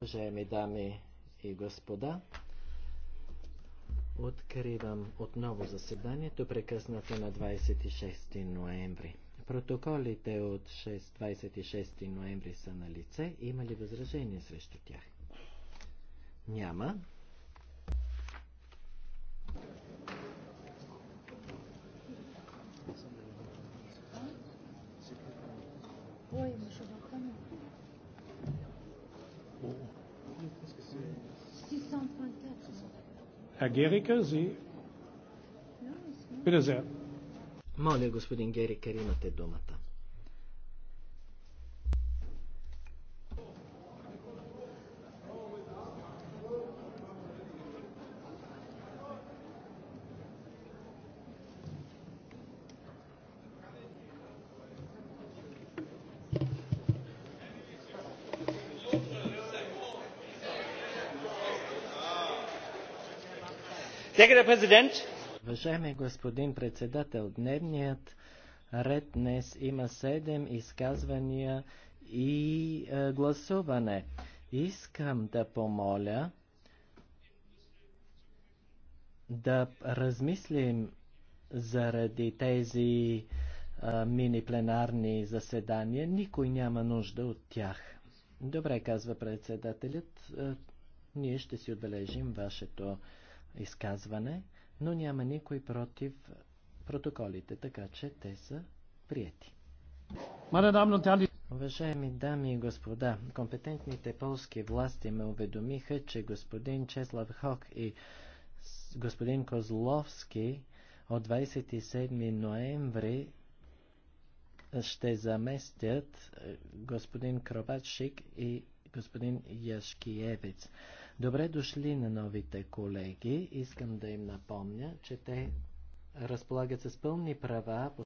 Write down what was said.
Уважаеми дами и господа, откривам отново заседанието, прекъснато на 26 ноември. Протоколите от 6, 26 ноември са на лице. Има ли възражения срещу тях? Няма. Ой, Мишова. Herr Gericke, Sie. Bitte sehr. Моля, господин Герикер, имате думата. Уважаеми господин председател, дневният ред днес има седем изказвания и е, гласуване. Искам да помоля да размислим заради тези е, мини пленарни заседания. Никой няма нужда от тях. Добре, казва председателят. Е, ние ще си отбележим вашето изказване, но няма никой против протоколите, така че те са прияти. Уважаеми дами и господа, компетентните полски власти ме уведомиха, че господин Чеслав Хок и господин Козловски от 27 ноември ще заместят е, господин Кробачик и господин Яшкиевец. Добре дошли на новите колеги. Искам да им напомня, че те разполагат с пълни права